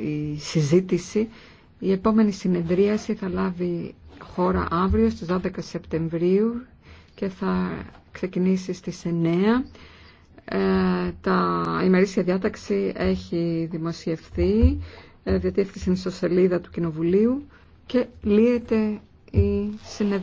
η συζήτηση. Η επόμενη συνεδρίαση θα λάβει χώρα αύριο στις 12 Σεπτεμβρίου και θα ξεκινήσει στις 9. Ε, τα, η ημερήσια διάταξη έχει δημοσιευθεί, ε, διατίθεται στην ιστοσελίδα του Κοινοβουλίου και λύεται η συνεδρία.